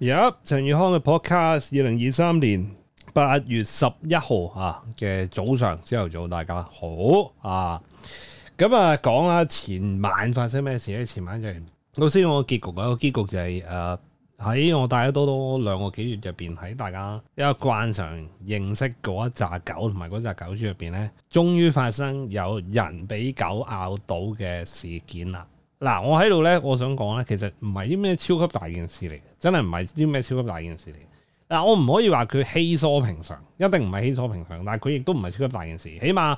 入陳宇康嘅 podcast，二零二三年八月十一號啊嘅早上朝頭早，大家好啊！咁啊，講下前晚發生咩事咧？前晚就係，首先我結,我結局啊、就係，個結局就係誒，喺我帶咗多多兩個幾月入邊，喺大家一個慣常認識嗰一紮狗同埋嗰紮狗主入邊咧，終於發生有人俾狗咬到嘅事件啦。嗱，我喺度咧，我想講咧，其實唔係啲咩超級大件事嚟嘅，真係唔係啲咩超級大件事嚟嘅。嗱，我唔可以話佢稀疏平常，一定唔係稀疏平常，但係佢亦都唔係超級大件事。起碼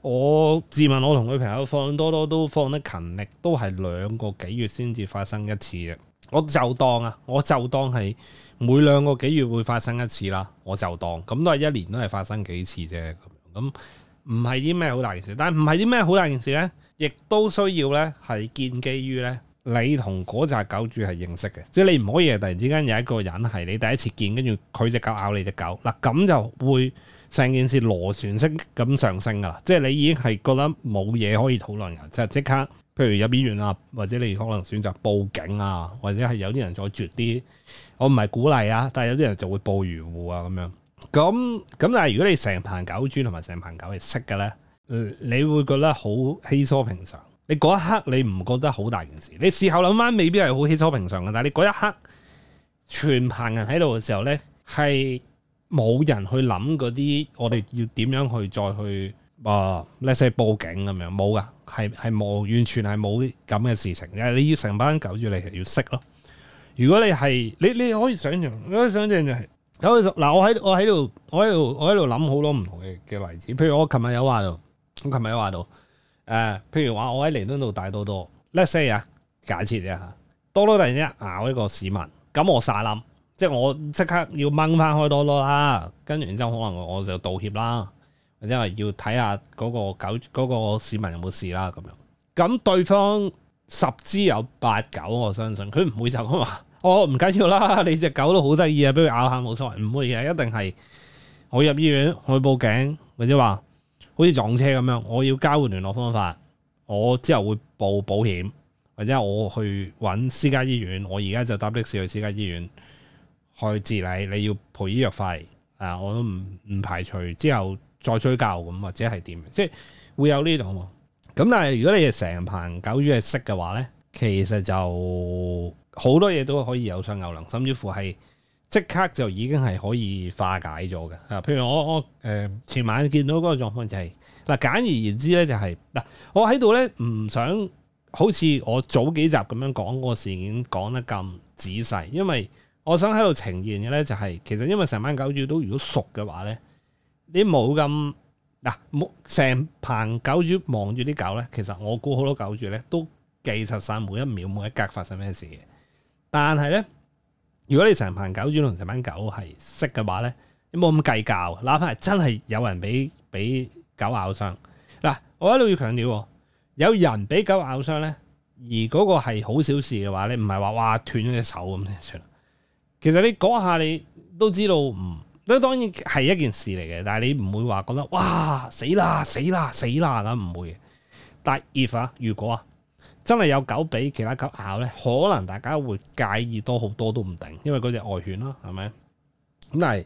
我自問，我同佢朋友放多多都放得勤力，都係兩個幾月先至發生一次嘅。我就當啊，我就當係每兩個幾月會發生一次啦。我就當咁都係一年都係發生幾次啫。咁唔係啲咩好大件事，但唔係啲咩好大件事咧。亦都需要咧，係建基於咧，你同嗰紮狗主係認識嘅，即係你唔可以突然之間有一個人係你第一次見，跟住佢隻狗咬你隻狗，嗱，咁就會成件事螺旋式咁上升噶啦，即係你已經係覺得冇嘢可以討論嘅，就即刻，譬如入醫院啊，或者你可能選擇報警啊，或者係有啲人再絕啲，我唔係鼓勵啊，但係有啲人就會報漁護啊咁樣，咁，咁但係如果你成棚狗主同埋成棚狗係識嘅咧？你會覺得好稀疏平常，你嗰一刻你唔覺得好大件事，你事後諗翻未必係好稀疏平常嘅，但係你嗰一刻全棚人喺度嘅時候咧，係冇人去諗嗰啲我哋要點樣去再去啊 let's say 報警咁樣，冇噶，係係冇完全係冇咁嘅事情嘅，你要成班人狗住你要識咯。如果你係你你可以想象，你可以想象就係嗱，我喺我喺度，我喺度，我喺度諗好多唔同嘅嘅位置，譬如我琴日有話咁佢咪話到誒、呃，譬如話我喺彌敦道大多多，let's say 啊，假設啊，多多突然間咬一個市民，咁我撒冧，即、就、係、是、我即刻要掹翻開多多啦，跟住之後可能我就道歉啦，或者係要睇下嗰個狗，嗰個市民有冇事啦，咁樣。咁對方十之有八九，我相信佢唔會就咁話，哦唔緊要啦，你隻狗都好得意啊，俾佢咬下冇所謂，唔會嘅，一定係我入醫院，我去報警或者話。就是好似撞車咁樣，我要交換聯絡方法，我之後會報保險，或者我去揾私家醫院，我而家就搭的士去私家醫院去治理，你要賠醫藥費啊？我都唔唔排除之後再追究咁或者係點，即係會有呢種。咁但係如果你係成棚狗魚係識嘅話咧，其實就好多嘢都可以有上牛能，甚至乎係。即刻就已經係可以化解咗嘅，啊，譬如我我誒、呃、前晚見到嗰個狀況就係、是，嗱簡而言之咧就係、是，嗱我喺度咧唔想好似我早幾集咁樣講、嗰個事件講得咁仔細，因為我想喺度呈現嘅咧就係、是，其實因為成班狗主都如果熟嘅話咧，你冇咁嗱，冇成棚狗主望住啲狗咧，其實我估好多狗主咧都記實晒每一秒每一格發生咩事嘅，但係咧。如果你成棚狗主同成班狗係識嘅話咧，你冇咁計較，哪怕係真係有人俾俾狗咬傷嗱，我一路要強調，有人俾狗咬傷咧，而嗰個係好小事嘅話咧，唔係話哇斷咗隻手咁先算啦。其實你講下你都知道，唔、嗯、咁當然係一件事嚟嘅，但係你唔會話覺得哇死啦死啦死啦咁唔會嘅。但係 if 如果啊？真係有狗比其他狗咬咧，可能大家會介意多好多都唔定，因為嗰隻外犬啦，係咪？咁但係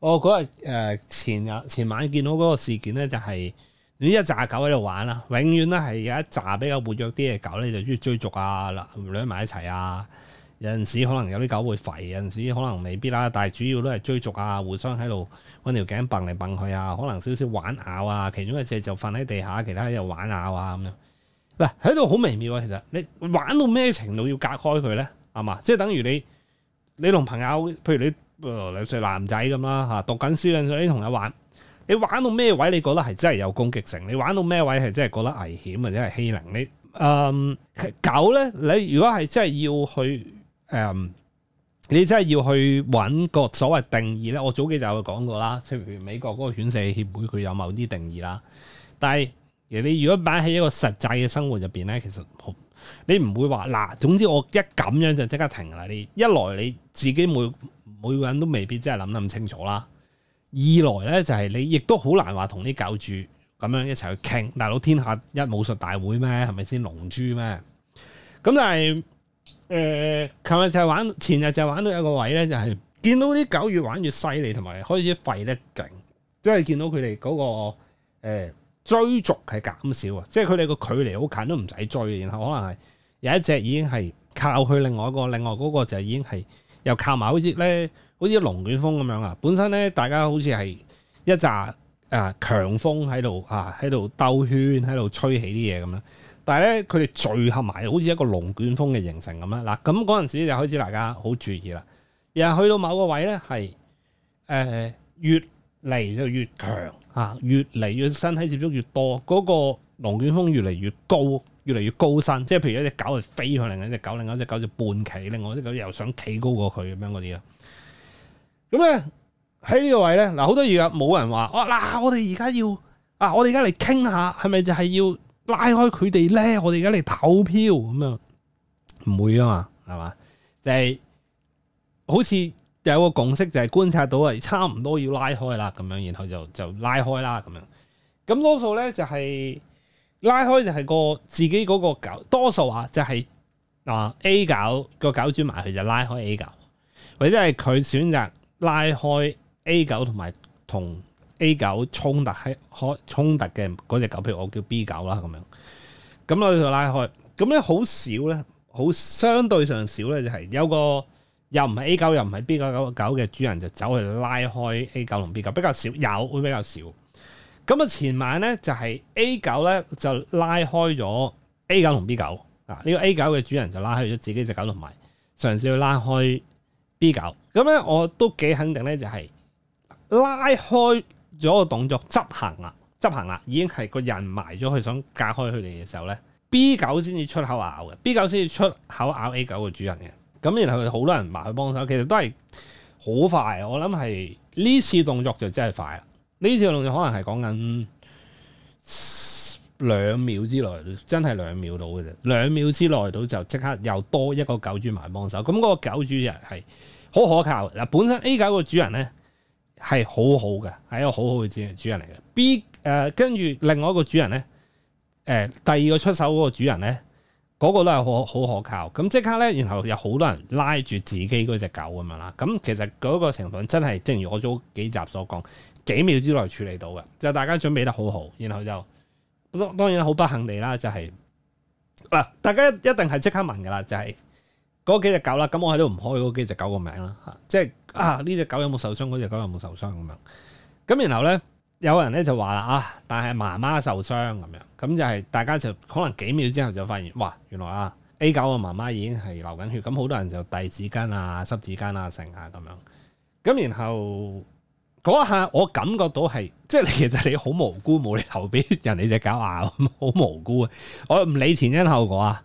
我嗰日誒前日前晚見到嗰個事件咧，就係、是、呢一紮狗喺度玩啦。永遠咧係有一紮比較活躍啲嘅狗咧，就中意追逐啊，兩埋一齊啊。有陣時可能有啲狗會吠，有陣時可能未必啦。但係主要都係追逐啊，互相喺度搵條頸掹嚟掹去啊。可能少少玩咬啊，其中一隻就瞓喺地下，其他喺度玩咬啊咁樣。嗱，喺度好微妙啊！其實你玩到咩程度要隔開佢咧，係嘛？即係等於你你同朋友，譬如你兩歲男仔咁啦，嚇讀緊書陣時，你同佢玩。你玩到咩位，你覺得係真係有攻擊性？你玩到咩位係真係覺得危險或者係欺凌？你嗯狗咧，你如果係真係要去嗯，你真係要去搵個所謂定義咧。我早幾集有講過啦，譬如美國嗰個犬舍協會佢有某啲定義啦，但係。其實你如果擺喺一個實際嘅生活入邊咧，其實好你唔會話嗱，總之我一咁樣就即刻停啦。你一來你自己每每個人都未必真係諗得咁清楚啦，二來咧就係你亦都好難話同啲狗住咁樣一齊去傾。大佬天下一武術大會咩？係咪先龍珠咩？咁但係誒，琴、呃、日就係玩，前日就係玩到有個位咧、就係，就係見到啲狗越玩越犀利，同埋開始吠得勁，即係見到佢哋嗰個、呃追逐係減少啊，即係佢哋個距離好近都唔使追，然後可能係有一隻已經係靠去另外一個，另外嗰個就係已經係又靠埋，好似咧，好似龍捲風咁樣啊！本身咧，大家好似係一紮啊、呃、強風喺度啊，喺度兜圈，喺度吹起啲嘢咁樣。但係咧，佢哋聚合埋，好似一個龍捲風嘅形成咁樣。嗱，咁嗰陣時就開始大家好注意啦。然後去到某個位咧，係誒、呃、越嚟就越強。啊，越嚟越身體接觸越多，嗰、嗰個龍捲風越嚟越高，越嚟越高山。即係譬如一隻狗係飛上嚟，一隻狗，另一隻狗就半企，另外一隻狗又想企高過佢咁樣嗰啲啦。咁咧喺呢個位咧，嗱，好多嘢冇人話，我嗱我哋而家要啊，我哋而家嚟傾下，係咪就係要拉開佢哋咧？我哋而家嚟投票咁啊，唔會啊嘛，係嘛？就係、係、好似。有個共識就係觀察到係差唔多要拉開啦咁樣，然後就就拉開啦咁樣多數呢。咁多數咧就係、是、拉開就係個自己嗰個狗，多數啊就係啊 A 狗個狗轉埋去就拉開 A 狗，或者係佢選擇拉開 A 狗同埋同 A 狗衝突係開衝突嘅嗰隻狗，譬如我叫 B 狗啦咁樣。咁我哋就拉開，咁咧好少咧，好相對上少咧就係有個。又唔係 A 九，又唔係 B 九九九嘅主人就走去拉開 A 九同 B 九，比較少，有會比較少。咁啊，前晚咧就係 A 九咧就拉開咗 A 九同 B 九啊，呢個 A 九嘅主人就拉開咗自己隻狗同埋，嘗試去拉開 B 九。咁咧我都幾肯定咧，就係拉開咗個動作執行啦，執行啦，已經係個人埋咗佢想隔開佢哋嘅時候咧，B 九先至出口咬嘅，B 九先至出口咬 A 九嘅主人嘅。咁然後好多人埋去幫手，其實都係好快。我諗係呢次動作就真係快啦。呢次動作可能係講緊兩秒之內，真係兩秒到嘅啫。兩秒之內到就即刻又多一個狗主埋幫手。咁、嗰個狗主人係好可靠。嗱，本身 A 狗個主人咧係好好嘅，係一個好好嘅主主人嚟嘅。B 呃、跟住另外一個主人咧、呃，第二個出手嗰個主人咧。嗰個都係好好可靠，咁即刻咧，然後有好多人拉住自己嗰隻狗咁樣啦，咁其實嗰個情況真係正如我早幾集所講，幾秒之內處理到嘅，就是、大家準備得好好，然後就當然好不幸地啦，就係、是、嗱、啊，大家一定係即刻問噶啦，就係、是、嗰幾隻狗啦，咁我喺度唔開嗰幾隻狗個名啦，嚇、就是，即係啊呢隻狗有冇受傷，嗰隻狗有冇受傷咁樣，咁然後咧。有人咧就話啦，啊，但係媽媽受傷咁樣，咁就係大家就可能幾秒之後就發現，哇，原來啊 A 九嘅媽媽已經係流緊血，咁好多人就遞紙巾啊、濕紙巾啊、剩啊咁樣，咁然後嗰下我感覺到係，即係你其實你好無辜，冇理由俾人哋隻狗咬，好無辜啊！我唔理前因後果啊，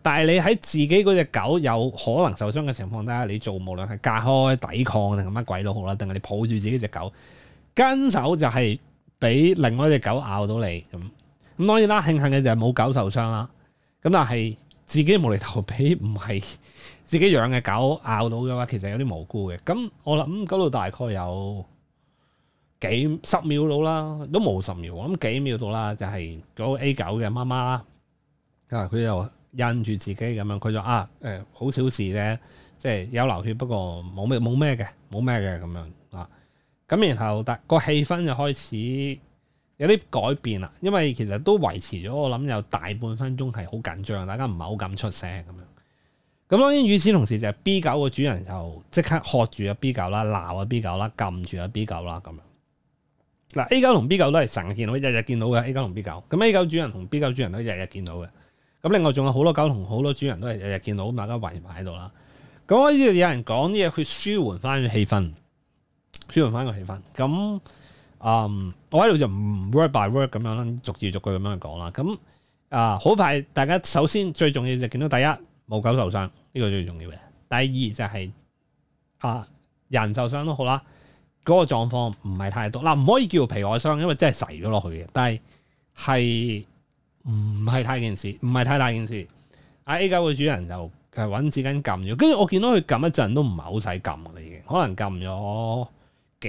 但係你喺自己嗰隻狗有可能受傷嘅情況底下，你做無論係隔開、抵抗定係乜鬼都好啦，定係你抱住自己隻狗。跟手就係俾另外一隻狗咬到你咁，咁當然啦，慶幸嘅就係冇狗受傷啦。咁但係自己無厘頭俾唔係自己養嘅狗咬到嘅話，其實有啲無辜嘅。咁我諗嗰度大概有幾十秒到啦，都冇十秒，咁幾秒到啦，啊呃，就係嗰個 A 九嘅媽媽啊，佢又印住自己咁樣，佢就啊，誒，好小事呢，即係有流血，不過冇咩冇咩嘅，冇咩嘅咁樣。咁然後但個氣氛就開始有啲改變啦，因為其實都維持咗我諗有大半分鐘係好緊張，大家唔係好敢出聲咁樣。咁當然與此同時就係 B 九個主人就即刻喝住阿 B 九啦，鬧阿 B 九啦，撳住阿 B 九啦咁樣。嗱 A 九同 B 九都係成日見到，日日見到嘅 A 九同 B 九。咁 A 九主人同 B 九主人都日日見到嘅。咁另外仲有好多狗同好多主人都係日日見到，大家圍埋喺度啦。咁開始有人講啲嘢去舒緩翻個氣氛。舒緩翻個氣氛，咁、嗯，我喺度就唔 word by word 咁樣啦，逐字逐句咁樣講啦。咁啊，好、呃、快，大家首先最重要就見到第一冇狗受傷，呢、這個最重要嘅。第二就係、是、啊，人受傷都好啦，嗰、那個狀況唔係太多，嗱，唔可以叫皮外傷，因為真係噬咗落去嘅。但係係唔係太件事，唔係太大件事。阿 A 狗嘅主人就係揾紙巾撳咗，跟住我見到佢撳一陣都唔係好使撳啦，已經可能撳咗。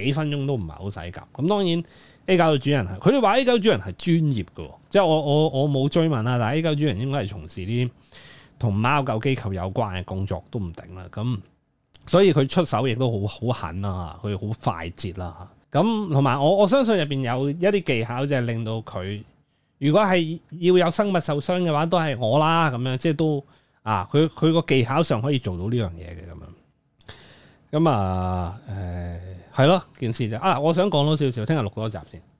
幾分鐘都唔係好使及，咁當然 A 教嘅主人係，佢哋話 A 教主人係專業嘅，即係我我我冇追問呀。但係 A 教主人應該係從事啲同貓狗機構有關嘅工作都唔定啦，咁所以佢出手亦都好好狠呀，佢好快捷啦，咁同埋我我相信入邊有一啲技巧，就係令到佢如果係要有生物受傷嘅話，都係我啦咁樣，即係都啊，佢佢個技巧上可以做到呢樣嘢嘅咁樣。咁、嗯、啊，誒、哎，係咯，件事就啊，我想講多少少，聽日錄多集先。